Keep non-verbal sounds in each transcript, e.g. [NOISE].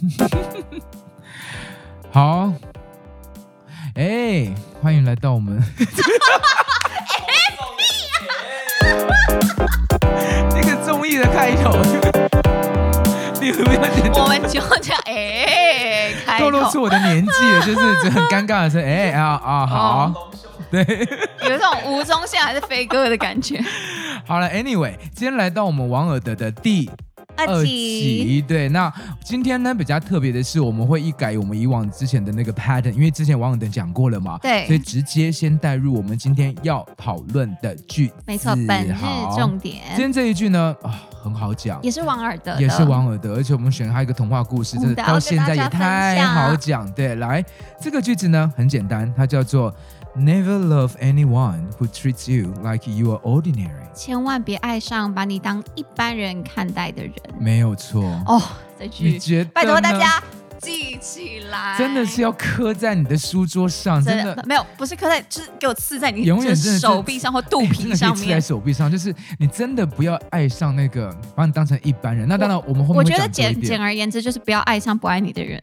[LAUGHS] 好，哎、欸，歡迎來到我們。哈哈哈哈哈哈！這個綜藝的開頭， [LAUGHS] [LAUGHS] 就我們叫叫哎 [LAUGHS] 頭，透露出我的年紀就是很尷尬的，是哎 [LAUGHS] [LAUGHS] 啊啊，好，oh. 對，有那 [LAUGHS] 種吳宗憲還是飛哥的感覺。 [LAUGHS] 好了，Anyway，今天來到我們王爾德的 D。二級，二集。對，那今天呢比較特別的是，我們會一改我們以往之前的那個 pattern，因為之前王爾德講過了嘛，對，所以直接先帶入我們今天要討論的句子，沒錯，本日重點。今天這一句呢、呃、很好講，也是王爾德，也是王爾德，而且我們選他一個童話故事，嗯、真的到現在也太好講。嗯、對，來這個句子呢很簡單，它叫做。Never love anyone who treats you like you are ordinary。千萬別愛上把你當一般人看待的人。沒有錯。哦、oh,，這句你覺得呢？拜託大家記起來，真的是要刻在你的書桌上，真的沒有，不是刻在，就是給我刺在你永遠是真的，真的手臂上或肚皮上面。欸、真的可以刺在手臂上，就是你真的不要愛上那個把你當成一般人。那當然，我們會這一我，我覺得簡簡而言之就是不要愛上不愛你的人。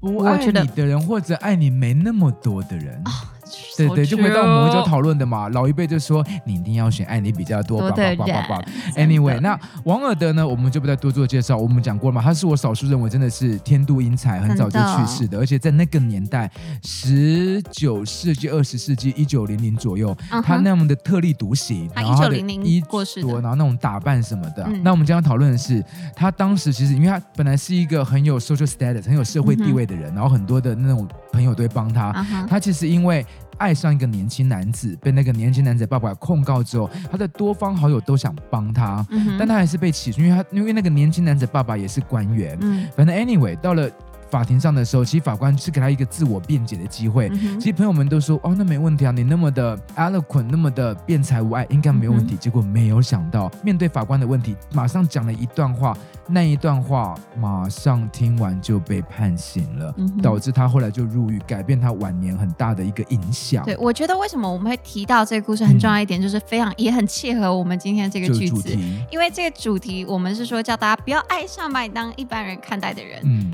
不愛你的人，或者愛你沒那麼多的人。啊對，對對，就回到我們之前討論的嘛，老一輩就說，你一定要選愛你比較多吧吧吧吧吧。吧吧吧吧 Anyway，的那王爾德呢，我們就不再多做介紹。我們講過了嘛，他是我少數認為真的是天妒英才，很早就去世的。的而且在那個年代，十九世紀、二十世紀一九零零左右，uh huh、他那樣的特立獨行，然後的一九零零過世，然後那種打扮什麼的。嗯、那我們今天要討論的是，他當時其實因為他本來是一個很有 social status 很有社會地位的人，嗯、哼然後很多的那種。朋友都會幫他，uh huh. 他其實因為愛上一個年輕男子，被那個年輕男子爸爸控告之後，他的多方好友都想幫他，uh huh. 但他還是被起訴，因為他因為那個年輕男子爸爸也是官員，uh huh. 反正 anyway 到了。法庭上的時候，其實法官是給他一個自我辯解的機會。嗯、哼其實朋友們都說：“哦，那沒問題啊，你那麼的 eloquent，那麼的辯才無礙，應該沒問題。嗯哼”結果沒有想到，面對法官的問題，馬上講了一段話。那一段話馬上聽完就被判刑了，嗯、哼導致他後來就入獄，改變他晚年很大的一個影響。對，我覺得為什麼我們會提到這個故事很重要一點，嗯、就是非常也很契合我們今天這個主題。因為這個主題，我們是說叫大家不要愛上把你當一般人看待的人。嗯。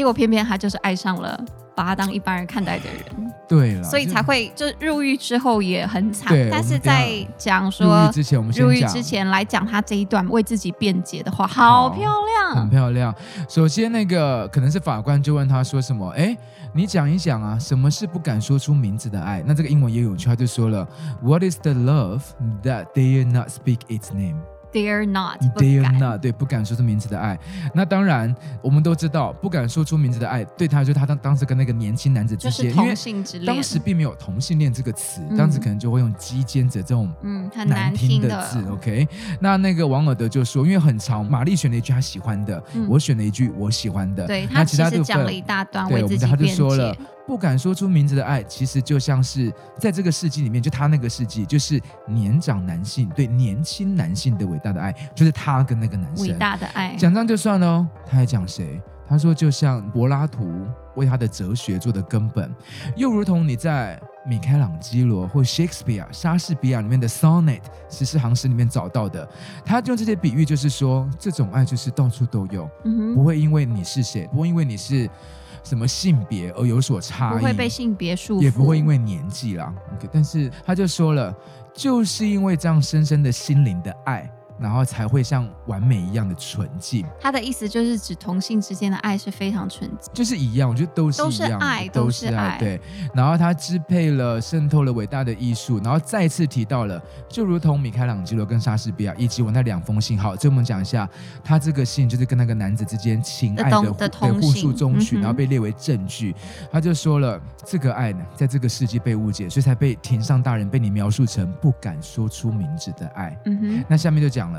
結果偏偏他就是愛上了把他當一般人看待的人，對了，所以才會就入獄之後也很慘。對但是在講說入獄之前，我們入獄之前來講他這一段為自己辯解的話，好漂亮，很漂亮。首先那個可能是法官就問他說什麼？哎，你講一講啊，什麼是不敢說出名字的愛？那這個英文也有，他就說了：What is the love that dare not speak its name？Dare not，dare not，對，不敢說出名字的愛。那當然，我們都知道，不敢說出名字的愛，對他就他當當時跟那個年輕男子之間，就是同性之戀。因為當時並沒有同性戀這個詞，嗯、當時可能就會用“雞姦者”這種嗯很難聽的字。嗯、的 OK，那那個王爾德就說，因為很長，瑪麗選了一句他喜歡的，嗯、我選了一句我喜歡的，對他其實講了一大段為自己辯解。他就說了不敢說出名字的愛，其實就像是在這個世紀裡面，就他那個世紀，就是年長男性對年輕男性的偉大的愛，就是他跟那個男生偉大的愛。講這樣就算了，他還講誰？他說，就像柏拉圖為他的哲學做的根本，又如同你在米開朗基羅或 Shakespeare、莎士比亞裡面的 sonnet 十四行詩裡面找到的。他用這些比喻，就是說這種愛就是到處都有，嗯、哼不會因為你是誰，不會因為你是什麼性別而有所差異，不會被性別束縛，也不會因為年紀啦。但是他就說了，就是因為這樣深深的心靈的愛。然後才會像完美一樣的純淨。他的意思就是指同性之間的愛是非常純淨，就是一樣，我覺得都是一樣的，都是愛，都是愛，對。然後他支配了、滲透了偉大的藝術。然後再次提到了，就如同米開朗基羅跟莎士比亞以及我那兩封信。好，這我們講一下，他這個信就是跟那個男子之間情愛的同的互訴衷曲，中嗯、哼然後被列為證據。他就說了，這個愛呢，在這個世紀被誤解，所以才被庭上大人被你描述成不敢說出名字的愛。嗯哼，那下面就講。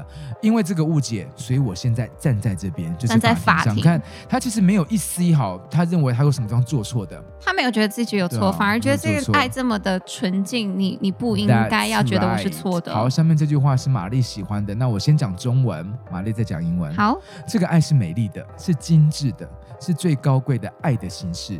因為這個誤解，所以我現在站在這邊，站在法庭上，看他其實沒有一絲一毫，他認為他有什麼地方做錯的。他沒有覺得自己有錯，哦、反而覺得這個愛這麼的純淨，你你不應該要覺得我是錯的。Right. 好，下面這句話是瑪麗喜歡的，那我先講中文，瑪麗再講英文。好，這個愛是美麗的，是精緻的，是最高貴的愛的形式。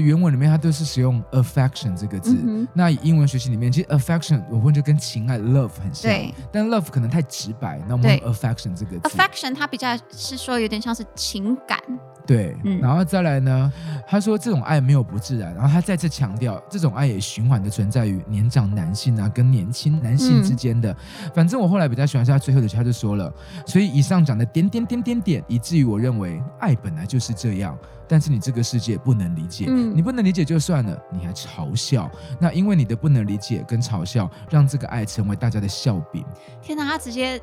原文裡面它都是使用 affection 這個字，嗯、哼那英文學習裡面其實 affection 我會覺得跟情愛 love 很像，對但 love 可能太直白，對那我們 affection 這個 affection 它比較是說有點像是情感。對，嗯、然後再來呢。他說這種愛沒有不自然，然後他再次強調這種愛也循環的存在於年長男性啊跟年輕男性之間的。嗯、反正我後來比較喜歡他最後的，他就說了，所以以上講的點點點點點，以至於我認為愛本來就是這樣，但是你這個世界不能理解，嗯、你不能理解就算了，你還嘲笑，那因為你的不能理解跟嘲笑，讓這個愛成為大家的笑柄。天哪，他直接。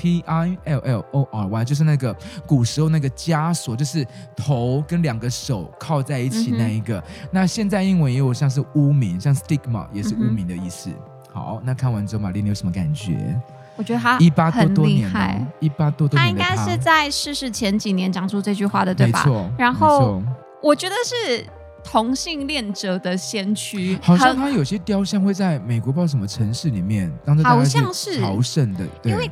P I L L O R Y 就是那個古時候那個枷鎖，就是頭跟兩個手靠在一起那一個。嗯、哼那現在英文也有像是污名，像 stigma 也是污名的意思。嗯、哼好，那看完之後，瑪麗，你有什麼感覺？我覺得他很厲害一八多多年，一八多，多他，他應該是在逝世前幾年講出這句話的，對吧？沒錯。沒錯然後我覺得是同性戀者的先驅。好像他有些雕像會在美國，不知道什麼城市裡面當做好像是朝聖的，對因為。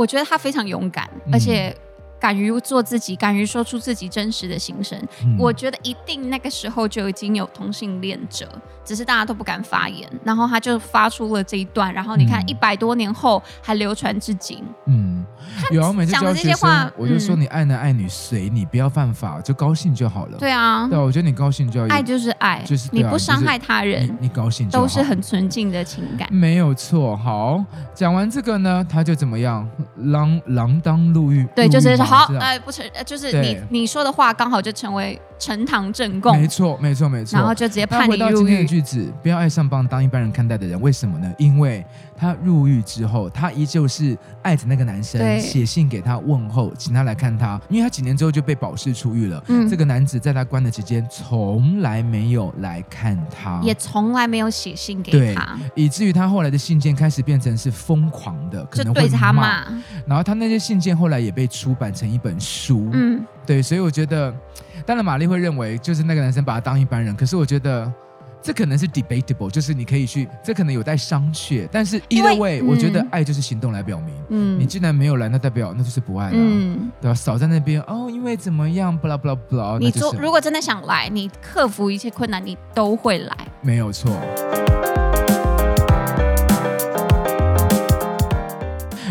我覺得他非常勇敢，嗯、而且。敢於做自己，敢於說出自己真實的心聲，嗯、我覺得一定那個時候就已經有同性戀者，只是大家都不敢發言。然後他就發出了這一段，然後你看一百多年後還流傳至今。嗯，有講的這些話，嗯就嗯、我就說你愛男愛女隨你，不要犯法，就高興就好了。對啊，對啊，我覺得你高興就要愛就是愛，就是、啊、你不傷害他人，你，就你，你高興就都是很純淨的情感，沒有錯。好，講完這個呢，他就怎麼樣，鋃鋃鐺入獄。鐺鐺對，就是好，哎、呃，不成，呃、就是你對你說的話，剛好就成為。呈堂證供，沒錯，沒錯，沒錯。然後就直接判你入獄。回到今天的句子：不要愛上把你當一般人看待的人，為什麼呢？因為他入獄之後，他依舊是愛着那個男生，寫對信給他問候，請他來看他。因為他幾年之後就被保釋出獄了。嗯，這個男子在他關的期間，從來沒有來看他，也從來沒有寫信給他，以至於他後來的信件開始變成是瘋狂的，可能對他罵。然後他那些信件後來也被出版成一本書。嗯，對，所以我覺得。當然，瑪麗會認為就是那個男生把她當一般人。可是我覺得這可能是 debatable，就是你可以去，這可能有待商榷。但是、either，因為 way,、嗯、我覺得愛就是行動來表明。嗯，你既然沒有來，那代表那就是不愛了、啊，嗯、對吧？少在那邊哦，因為怎麼樣，blah blah blah，你說、就是、如果真的想來，你克服一切困難，你都會來。沒有錯。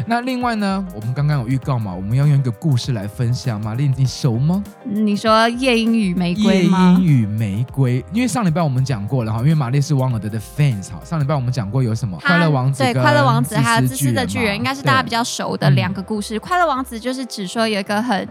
那另外呢，我們剛剛有預告嘛，我們要用一個故事來分享。瑪麗，你熟嗎？你說夜鶯與玫瑰嗎？夜鶯與玫瑰，因為上禮拜我們講過了哈，因為瑪麗是王爾德的 fans。上禮拜我們講過有什麼？快樂王子，對，快樂王子，還有自私的巨人，應該是大家比較熟的兩個故事。對嗯，快樂王子就是只說有一個很。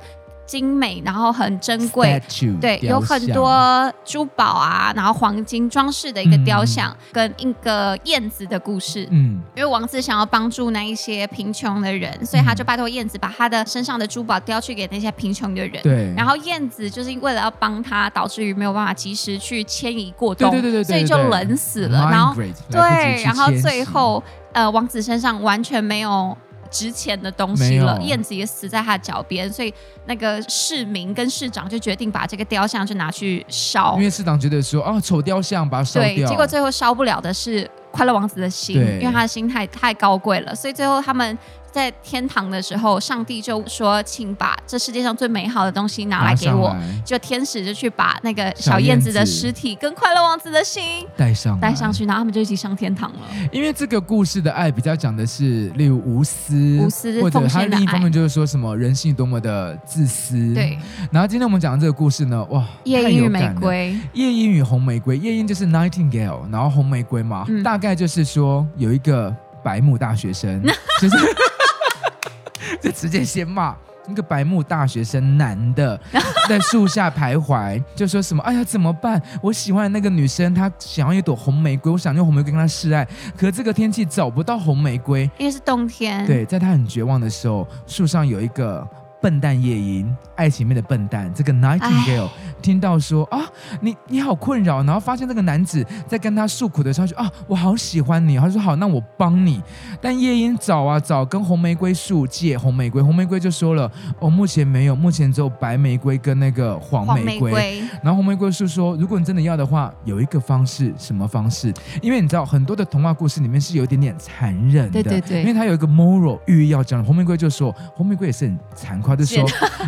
精美，然後很珍貴，對，有很多珠寶啊，然後黃金裝飾的一個雕像，跟一個燕子的故事。嗯，因為王子想要幫助那一些貧窮的人，所以他就拜托燕子把他的身上的珠寶叼去給那些貧窮的人。對，然後燕子就是為了要幫他，導致於沒有辦法及時去遷移過冬，對對對對，所以就冷死了。然後對，然後最後呃，王子身上完全沒有。值錢的東西了，有燕子也死在他的腳邊，所以那個市民跟市長就決定把這個雕像就拿去燒，因為市長覺得說啊、哦、醜雕像把它燒掉，結果最後燒不了的是快樂王子的心，對因為他的心太太高貴了，所以最後他們。在天堂的時候，上帝就說：“請把這世界上最美好的東西拿來給我。”就天使就去把那個小燕子的屍體跟快樂王子的心帶上帶上去，然後他們就一起上天堂了。因為這個故事的愛比較講的是，例如無私無私，還有另一方面就是說什麼人性多麼的自私。對，然後今天我們講的這個故事呢，哇，夜鶯與玫瑰，夜鶯與紅玫瑰，夜鶯就是 nightingale，然後紅玫瑰嘛，嗯、大概就是說有一個白目大學生，就是 [LAUGHS] 就直接先罵那個白目大學生男的，在樹下徘徊，就說什麼：“哎呀，怎麼辦？我喜歡的那個女生，她想要一朵紅玫瑰，我想要用紅玫瑰跟她示愛，可是這個天氣找不到紅玫瑰，因為是冬天。”對，在她很絕望的時候，樹上有一個。笨蛋夜鶯，愛情面的笨蛋，這個 Nightingale 唉聽到說啊，你你好困擾，然後發現這個男子在跟他訴苦的時候就，就啊，我好喜歡你，他說好，那我幫你。但夜鶯找啊找，跟紅玫瑰樹借紅玫瑰，紅玫瑰就說了，哦，目前沒有，目前只有白玫瑰跟那個黃玫瑰、玫瑰，然後紅玫瑰樹說，如果你真的要的話，有一個方式。什麼方式？因為你知道很多的童話故事裡面是有一點點殘忍的，對對，對，因為它有一個 moral 寓意要講。紅玫瑰就說，紅玫瑰也是很殘酷。他就說：“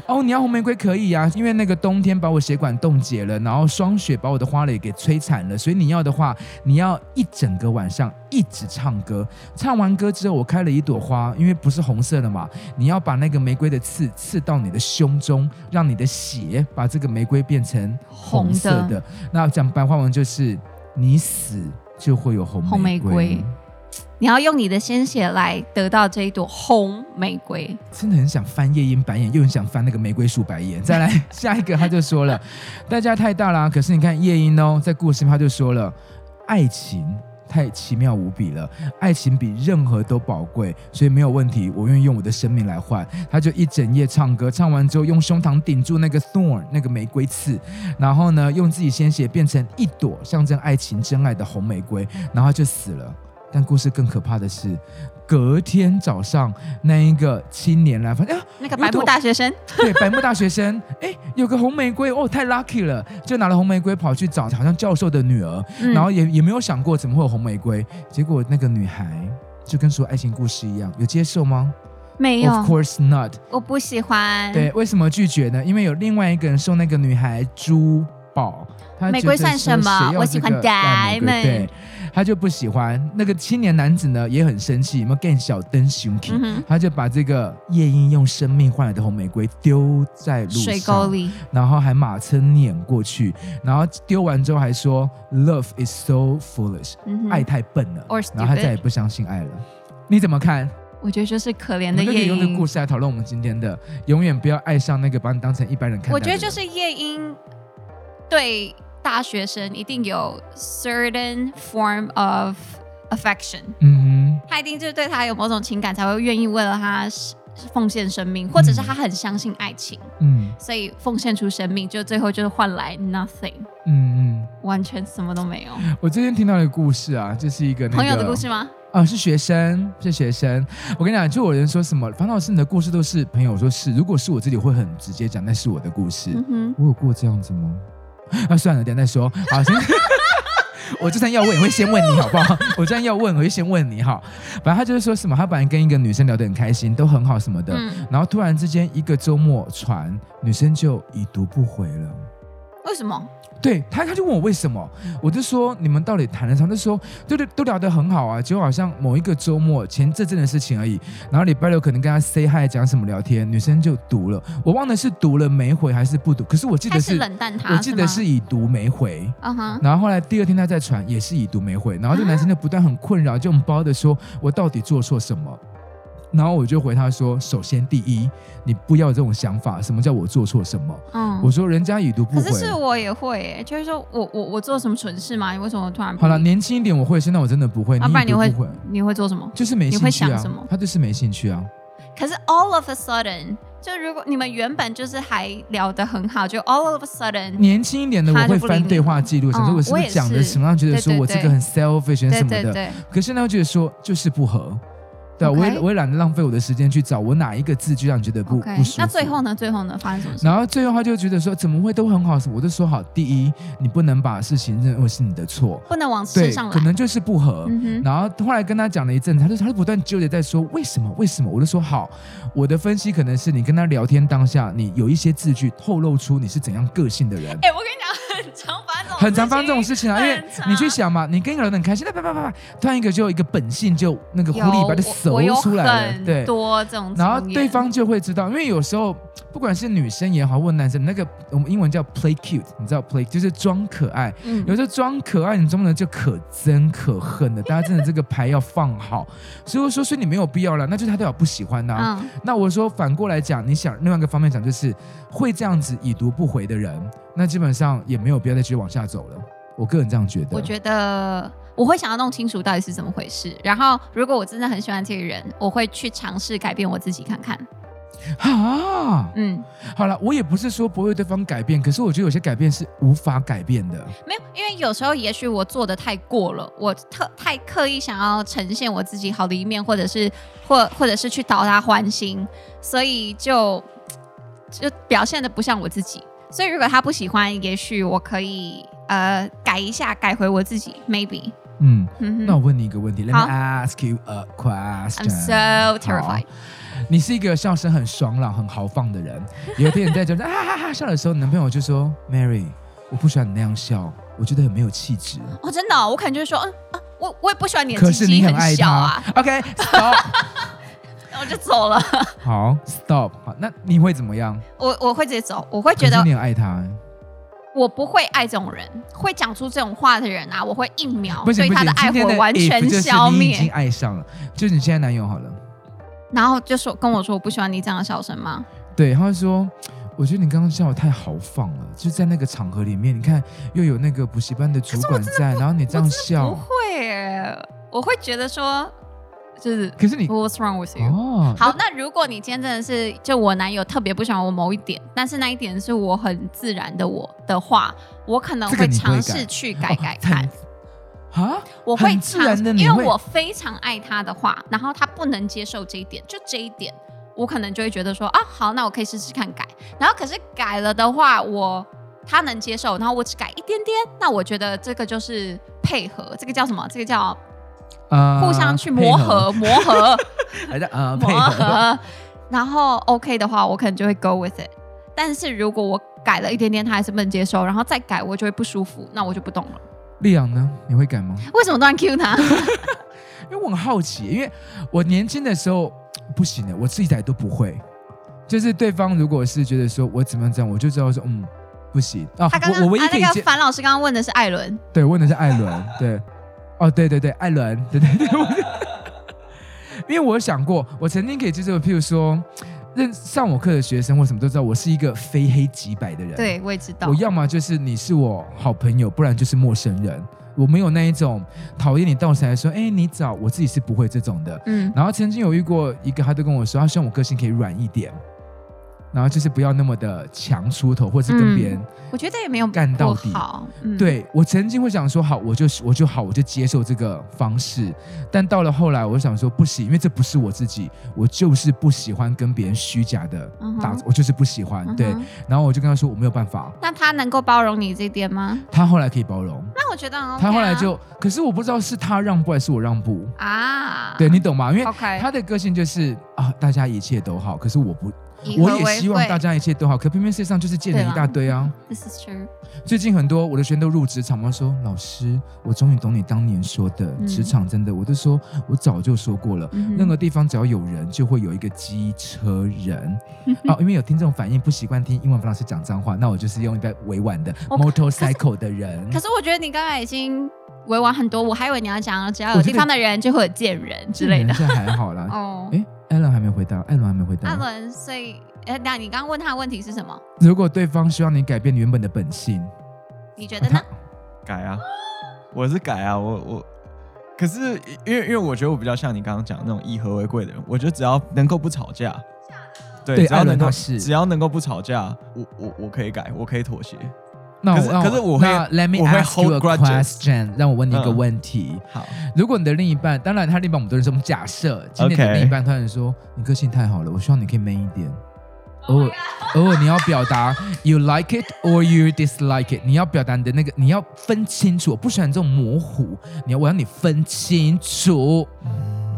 哦，你要紅玫瑰可以啊，因為那個冬天把我血管凍結了，然後霜雪把我的花蕾給摧殘了，所以你要的話，你要一整個晚上一直唱歌，唱完歌之後我開了一朵花，因為不是紅色的嘛，你要把那個玫瑰的刺刺到你的胸中，讓你的血把這個玫瑰變成紅色的。紅的那講白話文就是你死就會有紅玫紅玫瑰。”你要用你的鮮血來得到這一朵紅玫瑰，真的很想翻夜鶯白眼，又很想翻那個玫瑰樹白眼。再來下一個，他就說了代價 [LAUGHS] 太大啦啊！可是你看夜鶯哦，在故事他就說了，愛情太奇妙無比了，愛情比任何都寶貴，所以沒有問題，我願意用我的生命來換。他就一整夜唱歌，唱完之後用胸膛頂住那個 thorn 那個玫瑰刺，然後呢，用自己鮮血變成一朵象徵愛情真愛的紅玫瑰，然後就死了。但故事更可怕的是，隔天早上那一個青年來訪，啊，那個白目大學生，對，白目大學生，哎， [LAUGHS] 有個紅玫瑰哦，太 lucky 了，就拿了紅玫瑰跑去找好像教授的女兒，嗯、然後也也沒有想過怎麼會有紅玫瑰，結果那個女孩就跟說愛情故事一樣，有接受嗎？沒有，Of course not，我不喜歡。對，為什麼拒絕呢？因為有另外一個人送那個女孩珠寶，玫瑰算什麼？這個、我喜歡 diamond。他就不喜歡那個青年男子呢，也很生氣。什麼、嗯哼？跟小燈熊他就把這個夜鶯用生命換來的紅玫瑰丟在路上水溝裡，然後還馬車碾過去。嗯、哼然後丟完之後還說：“Love is so foolish，、嗯、哼愛太笨了。” Or stupid. 然後他再也不相信愛了。你怎麼看？我覺得就是可憐的夜鶯。用這個故事來討論我們今天的：永遠不要愛上那個把你當成一般人看的人。我覺得就是夜鶯對。大學生一定有 certain form of affection，嗯,嗯，他一定就是對他有某種情感，才會願意為了他奉獻生命，嗯、或者是他很相信愛情，嗯，所以奉獻出生命，就最後就是換來 nothing，嗯嗯，完全什麼都沒有。我最近聽到一個故事啊，就是一個、那個、朋友的故事嗎？啊，是學生，是學生。我跟你講，就有人說什麼，煩老師，你的故事都是朋友說是，是如果是我自己，會很直接講，那是我的故事。嗯哼，我有過這樣子嗎？那、啊、算了，等下再說。好， [LAUGHS] 我就算要問，我會先問你好不好？我就算要問，我會先問你哈。本來他就是說什麼，他本來跟一個女生聊得很開心，都很好什麼的，嗯、然後突然之間一個周末傳女生就已讀不回了。為什麼？對他，他就問我為什麼，我就說你們到底談了什麼，他就說都聊得很好啊，結果好像某一個周末前這陣的事情而已。然後禮拜六可能跟他 say hi，講什麼聊天，女生就讀了，我忘了是讀了沒回還是不讀，可是我記得是，是冷淡他，我記得是已讀沒回。Uh huh. 然後後來第二天他在傳也是已讀沒回，然後這個男生就不斷很困擾，就很包的說，我到底做錯什麼？然後我就回他說：“首先，第一，你不要有這種想法。什麼叫我做錯什麼？我說人家已讀不回，可是我也會。就是說我我我做什麼蠢事嘛？你為什麼突然好了？年輕一點我會，現在我真的不會。要你會你會做什麼？就是沒興趣啊。他就是沒興趣啊。可是 all of a sudden，就如果你們原本就是還聊得很好，就 all of a sudden 年輕一點的我會翻對話記錄，想說我是不是講的什麼樣，覺得說我這個很 selfish 什麼的。可是呢，覺得說就是不合。”對 Okay. 我，我也我也懶得浪費我的時間去找我哪一個字句讓你覺得不 Okay. 不舒服。那最後呢？最後呢？發生什麼事？然後最後他就覺得說，怎麼會都很好？我就說好，第一，你不能把事情認為是你的錯，不能往事上來。可能就是不合。嗯、哼然後後來跟他講了一陣，他就他就不斷糾結在說為什麼為什麼？我就說好，我的分析可能是你跟他聊天當下，你有一些字句透露出你是怎樣個性的人。哎、欸，我跟你講，很平凡很常發生這種事情啊，因為你去想嘛，你跟一個人很開心，那啪啪啪啪，突然一個就一個本性就那個狐狸般的熟出來了，對，多這種，然後對方就會知道，因為有時候不管是女生也好，或男生，那個我們英文叫 play cute，、嗯、你知道 play 就是裝可愛，嗯、有時候裝可愛，你知裝的就可憎可恨的。大家真的這個牌要放好， [LAUGHS] 所以我說，所以你沒有必要了，那就是他對我不喜歡的、啊嗯、那我說反過來講，你想另外一個方面講，就是會這樣子已讀不回的人。那基本上也沒有必要再繼續往下走了。我個人這樣覺得。我覺得我會想要弄清楚到底是怎麼回事。然後，如果我真的很喜歡這個人，我會去嘗試改變我自己看看。啊，嗯，好了，我也不是說不為對方改變，可是我覺得有些改變是無法改變的。沒有，因為有時候也許我做得太過了，我特太刻意想要呈現我自己好的一面，或者是或或者是去討他歡心，所以就就表現得不像我自己。所以如果他不喜歡，也許我可以呃改一下，改回我自己，maybe。嗯，嗯哼那我問你一個問題，Let me ask you a question。I'm so terrified。你是一個笑聲很爽朗、很豪放的人，有一天你在就 [LAUGHS] 啊哈哈、啊啊、笑的時候，男朋友就說：“Mary，我不喜歡你那樣笑，我覺得很沒有氣質。”哦，真的、哦，我可能就是說，嗯、啊，我我也不喜歡你的笑、啊，可是你很愛笑啊。OK stop。 [LAUGHS] 我就走了。好，Stop。好，那你會怎麼樣？我我會直接走。我會覺得你愛他，我不會愛這種人。會講出這種話的人啊，我會一秒對他的愛火完全消滅。你已經愛上了，就是你現在男友好了。然後就說跟我說我不喜歡你這樣的笑聲嗎？對，他會說，我覺得你剛剛笑得太豪放了，就在那個場合裡面，你看又有那個補習班的主管在，然後你這樣笑不會，我會覺得說。就是，可是你 What's wrong with you？哦、好，那如果你今天真的是就我男友特別不喜歡我某一點，但是那一點是我很自然的我的話，我可能會嘗試去改改看。啊？我、哦、會自然的嘗，因為我非常愛他的話，然後他不能接受這一點，就這一點，我可能就會覺得說啊，好，那我可以試試看改。然後可是改了的話，我他能接受，然後我只改一點點，那我覺得這個就是配合，這個叫什麼？這個叫。Uh, 互相去磨合，磨合， [LAUGHS] 然後 OK 的話，我可能就會 go with it。但是如果我改了一點點，他還是不能接受，然後再改，我就會不舒服，那我就不懂了。麗陽呢？你會改嗎？為什麼突然 Q 他？ [LAUGHS] 因為我很好奇，因為我年輕的時候不行的，我自己改都不會。就是對方如果是覺得說我怎麼樣這樣，我就知道說，嗯，不行啊。他剛剛、啊，那個煩老師剛剛問的是艾倫，對，問的是艾倫，對。 [LAUGHS] 哦，oh, 對對對，艾倫，對對對，Yeah. [LAUGHS] 因為我有想過，我曾經可以就是，譬如說，認上我課的學生或什麼都知道，我是一個非黑即白的人。對，我也知道，我要麼就是你是我好朋友，不然就是陌生人。我沒有那一種討厭你到時來說，哎，你找我自己是不會這種的。嗯，然後曾經有遇過一個，他都跟我說，他希望我個性可以軟一點。然後就是不要那麼的強出頭，或者是跟別人、嗯，我覺得也沒有幹到底。嗯、對我曾經會想說好，我就是我就好，我就接受這個方式。但到了後來，我就想說不行，因為這不是我自己，我就是不喜歡跟別人虛假的打，嗯、哼我就是不喜歡。嗯、哼對，然後我就跟他說我沒有辦法。那他能夠包容你這一點嗎？他後來可以包容。那我覺得、OK 啊、他後來就，可是我不知道是他讓步還是我讓步啊？對你懂嗎？因為他的個性就是 Okay. 啊，大家一切都好，可是我不。我也希望大家一切都好，可偏偏世界上就是賤人一大堆啊，對啊，This is true。最近很多我的學生都入職場，場貓說：“老師，我終於懂你當年說的職場真的。嗯”我就說，我早就說過了，嗯、哼任何地方只要有人，就會有一個機車人好、嗯哼啊，因為有聽眾反映不習慣聽英文煩老師講髒話，那我就是用一個委婉的 okay, motorcycle 的人可。可是我覺得你剛才已經。委婉很多，我還以為你要講只要有地方的人就會有賤人之類的，這還好啦。哦，哎，艾倫還沒回答，艾倫還沒回答。艾倫，所以，哎、欸，那你剛剛問他的問題是什麼？如果對方希望你改變原本的本性，你覺得呢？啊改啊，我是改啊，我我，可是因為因為我覺得我比較像你剛剛講那種以和為貴的人，我覺得只要能夠不吵架， [LAUGHS] 對，對只要能夠是只要能夠不吵架，我我我可以改，我可以妥協。那我，那我會，Let me ask you a question，讓我問你一個問題。好，如果你的另一半，當然他另一半，我們都是這麼假設。今天的另一半，突然說你個性太好了，我希望你可以 man 一點。偶爾偶爾你要表達，you like it or you dislike it，你要表達你的那個，你要分清楚。我不喜歡這種模糊，你要我要你分清楚。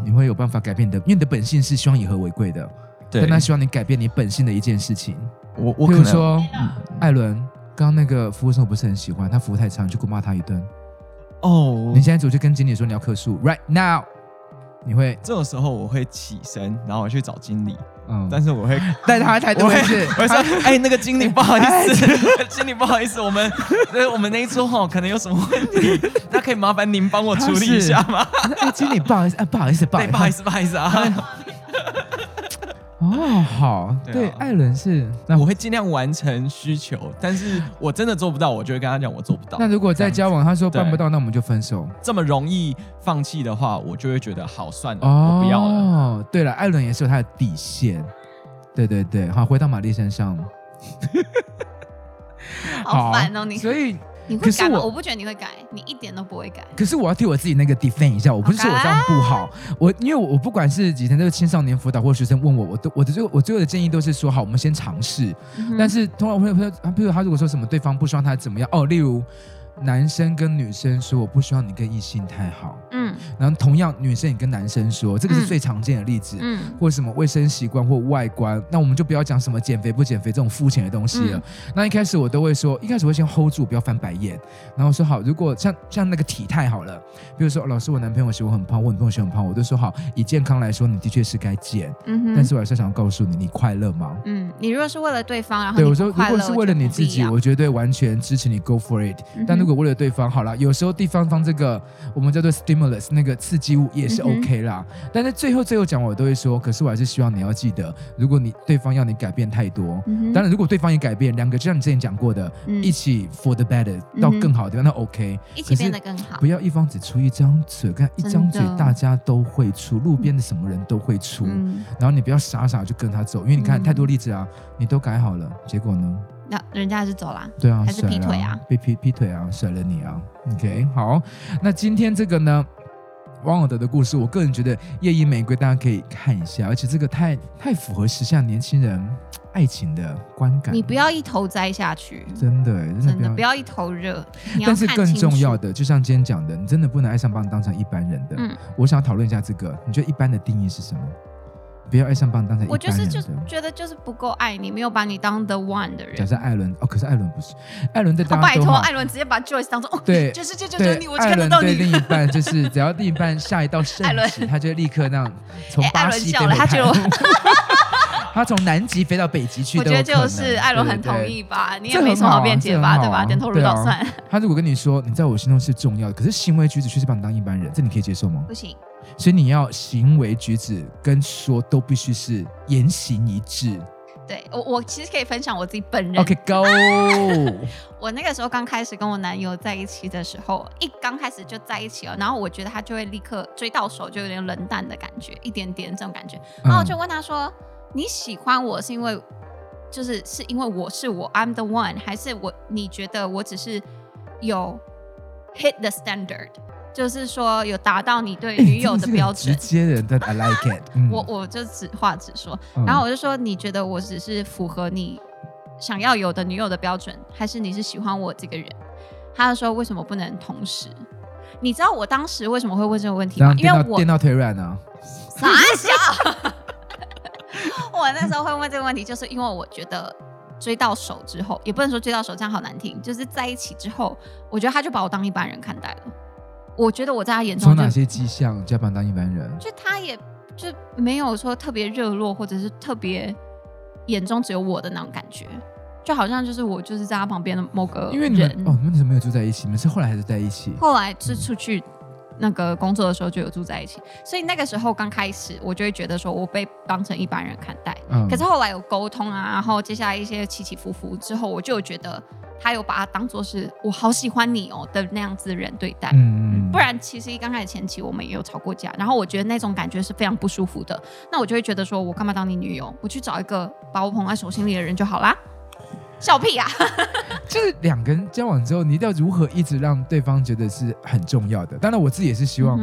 你會有辦法改變的，因為你的本性是希望以和為貴的。對，但他希望你改變你本性的一件事情。我我可能，比如說，艾倫。剛剛那個服務生我不是很喜歡，他服務太差，你就過罵他一頓。哦，你現在走去跟經理說你要客訴，right now。你會？這個時候我會起身，然後我去找經理。嗯，但是我會帶他太多。我會說，哎，那個經理不好意思，經理不好意思，我們，我們那一桌哈可能有什麼問題，那可以麻煩您幫我處理一下嗎？經理不好意思，哎不好意思，不，不好意思，不好意思啊。哦，好，對，對啊、艾倫是，那我會盡量完成需求，但是我真的做不到，我就會跟他講我做不到。那如果再交往，他說辦不到，對那我們就分手。這麼容易放棄的話，我就會覺得好，算了，哦、我不要了。哦，對了，艾倫也是有他的底線。對對對，好，回到瑪麗身上。 [LAUGHS] 好煩哦，好你。所以。你會改嗎？我，我不覺得你會改，你一點都不會改。可是我要替我自己那個 defend 一下，我不是說我這樣不好。Okay 我因為我不管是以前，這個青少年輔導或學生問我，我都我的最我最後的建議都是說，好，我們先嘗試。嗯、哼但是通常我有朋友，譬如他如果說什麼對方不希望他怎麼樣哦，例如男生跟女生說，我不希望你跟異性太好。嗯然後同樣，女生也跟男生說，這個是最常見的例子，嗯，或什麼衛生習慣或外觀，嗯、那我們就不要講什麼減肥不減肥這種膚淺的東西了。嗯、那一開始我都會說，一開始會先 hold 住，不要翻白眼，然後說好，如果像像那個體態好了，比如說、哦、老師，我男朋友喜歡我很胖，我女朋友喜歡很胖，我就說好，以健康來說，你的確是該減，嗯哼，但是我還是想要告訴你，你快樂嗎？嗯，你如果是為了對方，然後對我說，如果是為了你自己，我，我絕對完全支持你 go for it。但如果為了對方，嗯、哼好了，有時候地方放這個，我們叫做 stimulus。那個刺激物也是 OK 啦，嗯、哼但是最後最後講我都會說，可是我還是希望你要記得，如果你對方要你改變太多，嗯、哼當然如果對方也改變，兩個就像你之前講過的，嗯、一起 for the better 到更好的地方，嗯、哼那 OK，一起變得更好，不要一方只出一張嘴，看一張嘴大家都會出，路邊的什麼人都會出，嗯、然後你不要傻傻就跟他走，因為你看太多例子啊，你都改好了，結果呢？那人家就走了，對啊，還是劈腿啊，被劈劈腿啊，甩了你啊，OK，好，那今天這個呢？王爾德的故事，我個人覺得《夜鶯玫瑰》，大家可以看一下，而且這個太太符合時下年輕人愛情的觀感。你不要一頭栽下去，真的，欸，真的不要，真的不要一頭熱。但是更重要的，就像今天講的，你真的不能愛上把你當成一般人的。嗯，我想討論一下這個，你覺得一般的定義是什麼？不要愛上把你當成一般人，我就是就是覺得就是不夠愛你，沒有把你當 the one 的人。假設艾倫哦，可是艾倫不是，艾倫在，我拜托艾倫，直接把 Joyce 當做、哦、對，就是就就就你，我看到你另一半就是只要另一半下一道聖旨，艾倫，他就立刻那樣從巴西離開、欸。他覺得。 [LAUGHS] 他從南極飛到北極去，我覺得就是艾羅很同意吧，你也沒什麼好辯解吧，啊、對吧？點頭如搗蒜。他如果跟你說你在我心中是重要的，可是行為舉止卻是把你當一般人，這你可以接受嗎？不行。所以你要行為舉止跟說都必須是言行一致。對，我我其實可以分享我自己本人。OK，Go Okay ,、啊。 [LAUGHS] 我那個時候剛開始跟我男友在一起的時候，一剛開始就在一起了，然後我覺得他就會立刻追到手，就有點冷淡的感覺，一點點這種感覺。然後我就問他說。嗯你喜歡我是因為，就是是因為我是我 I'm the one，還是我你覺得我只是有 hit the standard，就是說有達到你對女友的標準？直接人的 [LAUGHS] I like it、嗯。我我就直話直說，然後我就說，你覺得我只是符合你想要有的女友的標準，還是你是喜歡我這個人？他就說，為什麼不能同時？你知道我當時為什麼會問這個問題嗎？因為我電到腿軟了、啊，傻小笑。我那時候會問這個問題，就是因為我覺得追到手之後，也不能說追到手，這樣好難聽。就是在一起之後，我覺得他就把我當一般人看待了。我覺得我在他眼中有哪些跡象？就把我當一般人，就他也就沒有說特別熱絡，或者是特別眼中只有我的那種感覺，就好像就是我就是在他旁邊的某個人，因為你們哦，你們怎麼沒有住在一起？你們是後來還是在一起？後來是出去。嗯那個工作的時候就有住在一起，所以那個時候剛開始我就會覺得說，我被當成一般人看待。嗯。可是後來有溝通啊，然後接下來一些起起伏伏之後，我就覺得他有把他當做是我好喜歡你哦的那樣子的人對待。嗯嗯。不然其實剛開始前期我們也有吵過架，然後我覺得那種感覺是非常不舒服的。那我就會覺得說，我幹嘛當你女友？我去找一個把我捧在手心裡的人就好啦。笑屁啊！就是兩個人交往之後，你要如何一直讓對方覺得是很重要的？當然，我自己也是希望，嗯、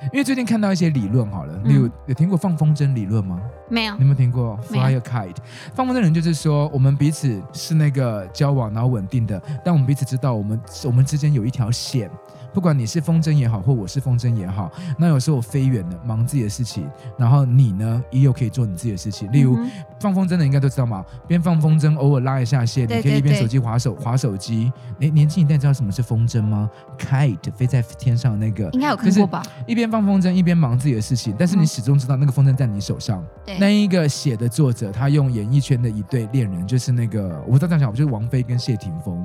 哼因為最近看到一些理論好了，例如、嗯、有聽過放風箏理論嗎？沒有，你有沒有聽過有 Fly a kite？放風箏人就是說，我們彼此是那個交往然後穩定的，但我們彼此知道，我們我們之間有一條線。不管你是風箏也好，或我是風箏也好，那有時候我飛遠了，忙自己的事情，然後你呢，也有可以做你自己的事情。例如、嗯、哼放風箏的，應該都知道嘛，邊放風箏，偶爾拉一下線，對對對對，你可以一邊手機滑手滑手機。誒、欸，年輕一代知道什麼是風箏嗎？Kite 飛在天上那個，應該有看過吧？一邊放風箏，一邊忙自己的事情，但是你始終知道那個風箏在你手上。嗯、那一個寫的作者，他用演藝圈的一對戀人，就是那個我不知道常常講，就是王菲跟謝霆鋒。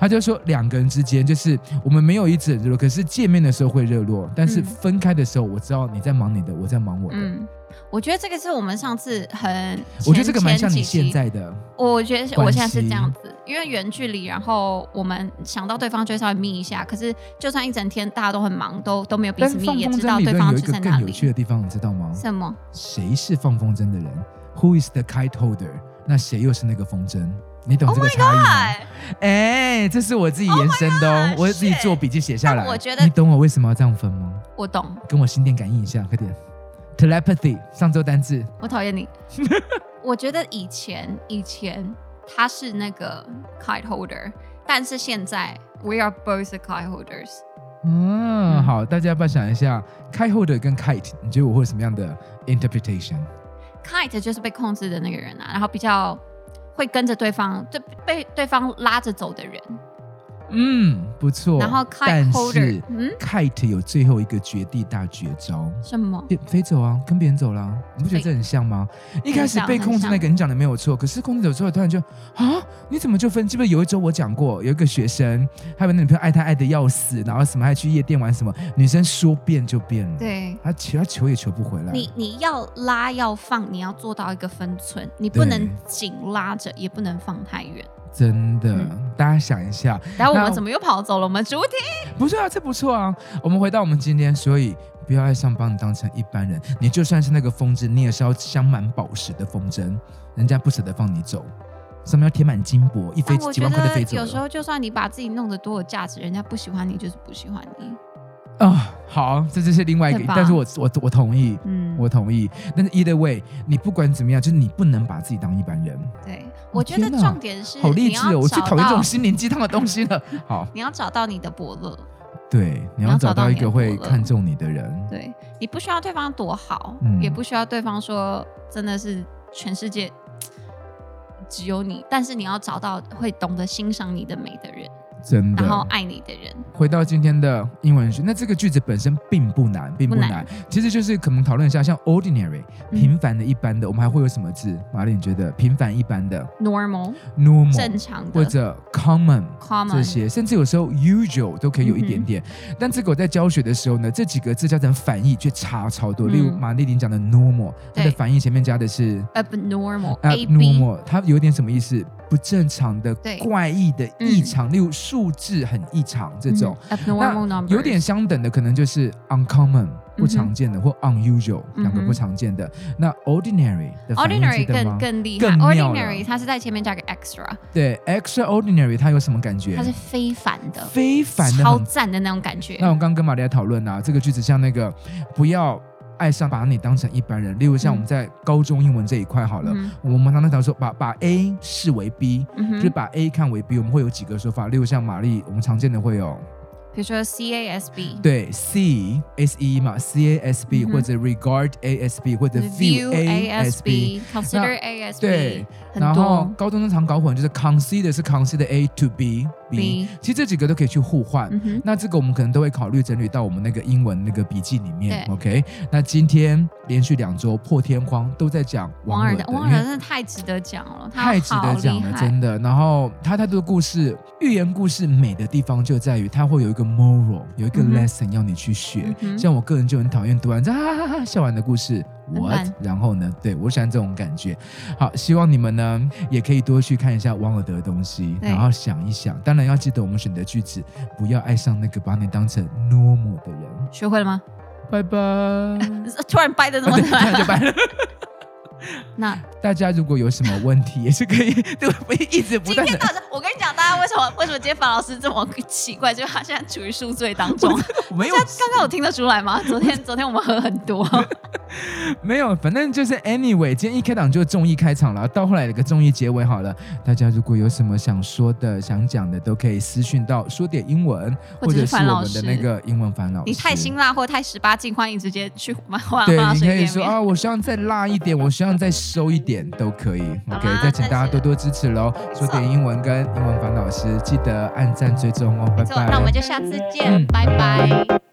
他就說，兩個人之間就是我們沒有一直熱絡，可是見面的時候會熱絡，但是分開的時候，我知道你在忙你的，我在忙我的。嗯，我覺得這個是我們上次很，我覺得這個蠻像你現在的。我覺得係我現在是這樣子，因為遠距離，然後我們想到對方就會稍微眯一下，可是就算一整天大家都很忙，都都沒有彼此面也知道對方要有一個更有趣的地方，你知道嗎？什麼？誰是放風箏的人？Who is the kite holder？那誰又是那個風箏？你懂這個差異嗎？哎、oh 欸，這是我自己延伸的、喔，oh、我自己做筆記寫下來。我覺得你懂我為什麼要這樣分嗎？我懂。跟我心電感應一下，快點。Telepathy，上周單字。我討厭你。 [LAUGHS] 我覺得以前以前他是那個 kite holder，但是現在 we are both kite holders。嗯，嗯好，大家不妨想一下 kite holder 跟 kite，你覺得我會有什麼樣的 interpretation？Kite 就是被控制的那個人啊，然後比較。會跟着對方，就被對方拉着走的人。嗯，不錯。然後，但是、er, 嗯、，Kite 有最後一個絕地大絕招，什麼飛？飛走啊，跟別人走了、啊。你不覺得這很像嗎？以一開始被控制那個，像你講的沒有錯。可是控制走之後，突然就啊，你怎麼就分？記不記得有一周我講過，有一個學生，他有那女朋友愛他愛的要死，然後什麼還去夜店玩什麼，女生說變就變了。對，他求他求也求不回來。你你要拉要放，你要做到一個分寸，你不能緊拉着，對也不能放太遠。真的，嗯，大家想一下，然後我們怎麼又跑走了？我們主題不是啊，這不錯啊。我們回到我們今天，所以不要愛上，把你當成一般人。你就算是那個風箏，你也是要鑲滿寶石的風箏，人家不捨得放你走，上面要貼滿金箔，一飛幾萬塊的飛機。有時候就算你把自己弄得多有價值，人家不喜歡你就是不喜歡你啊。哦好，這這是另外一個，吧但是我我我同意，嗯，我同意。嗯、同意但 either way，你不管怎麼樣，就是你不能把自己當一般人。對，哦、我覺得重點是好勵志哦，我去討厭這種心靈雞湯的東西了。 [LAUGHS] 好，你要找到你的伯樂。對，你要找到一個會看重你的人。的對，你不需要對方多好，嗯、也不需要對方說真的是全世界只有你，但是你要找到會懂得欣賞你的美的人。真的，然後愛你的人。回到今天的英文句，那這個句子本身並不難，並不難。其實就是可能討論一下，像 ordinary 平凡的、一般的，我們還會有什麼字？馬麗你覺得平凡一般的 normal normal 正常的，或者 common common 這些，甚至有時候 usual 都可以有一點點。但這個我在教學的時候呢，這幾個字加成反義卻差超多。例如馬麗琳講的 normal，它的反義前面加的是 abnormal abnormal，它有點什麼意思？不正常的、怪異的、異常。例如說。素質很異常，這種、mm hmm. 有點相等的，可能就是 uncommon，mm hmm. 不常見的或 unusual 兩個不常見的。Mm hmm. 那 ordinary ordinary 更更厲害，ordinary 它是在前面加個 extra，對 extraordinary 它有什麼感覺？它是非凡的，非凡的，超讚的那種感覺。那我剛剛跟瑪麗亞討論啊，這個句子像那個不要。愛上把你當成一般人，例如像我們在高中英文這一塊好了，嗯哼，我們常常常說把把 A 視為 B，嗯哼，就是把 A 看為 B，我們會有幾個說法，例如像瑪麗，我們常見的會有，比如說 C A S B，對 C S E 嘛，嗯哼，C A S B 或者 regard A S B 或者 view A S B consider A S B 對，然後高中經常搞混就是 consider 是 consider A to B。其實這幾個都可以去互換，嗯、哼那這個我們可能都會考慮整理到我們那個英文那個筆記裡面。對 OK，那今天連續兩周破天荒都在講王爾德王爾德，王爾德真的太值得講了，太值得講了，真的。然後他太多的故事，寓言故事美的地方就在於它會有一個 moral，有一個 lesson 要你去學。嗯、哼像我個人就很討厭讀完這哈哈哈哈笑完的故事。What？暗然後呢？對我喜歡這種感覺。好，希望你們呢也可以多去看一下王爾德的東西，對然後想一想。當然要記得我們選的句子，不要愛上那個把你當成 normal 的人。學會了嗎？拜拜 bye、啊！突然掰的那麼快、啊。就掰了。 [LAUGHS] 那大家如果有什麼問題也是可以都 [LAUGHS] 一直不斷。今天大家，我跟你講，大家為什麼為什麼今天樊老師這麼奇怪？就是他現在處於宿醉當中。沒有，剛剛有聽得出來嗎？昨天我昨天我們喝很多。 [LAUGHS] 沒有，反正就是 anyway，今天一開檔就綜藝開場了，到後來有個綜藝結尾好了。大家如果有什麼想說的、想講的，都可以私訊到說點英文，或者是我們的那個英文煩惱。你太辛辣或太十八禁，歡迎直接去麻煩樊你可以說 [LAUGHS] 啊，我希望再辣一點，我希望。再收一點都可以嗎，OK，再請大家多多支持嘍。是說點英文跟英文煩老師，爽記得按讚追蹤哦，錯拜拜。那我們就下次見，嗯、拜拜。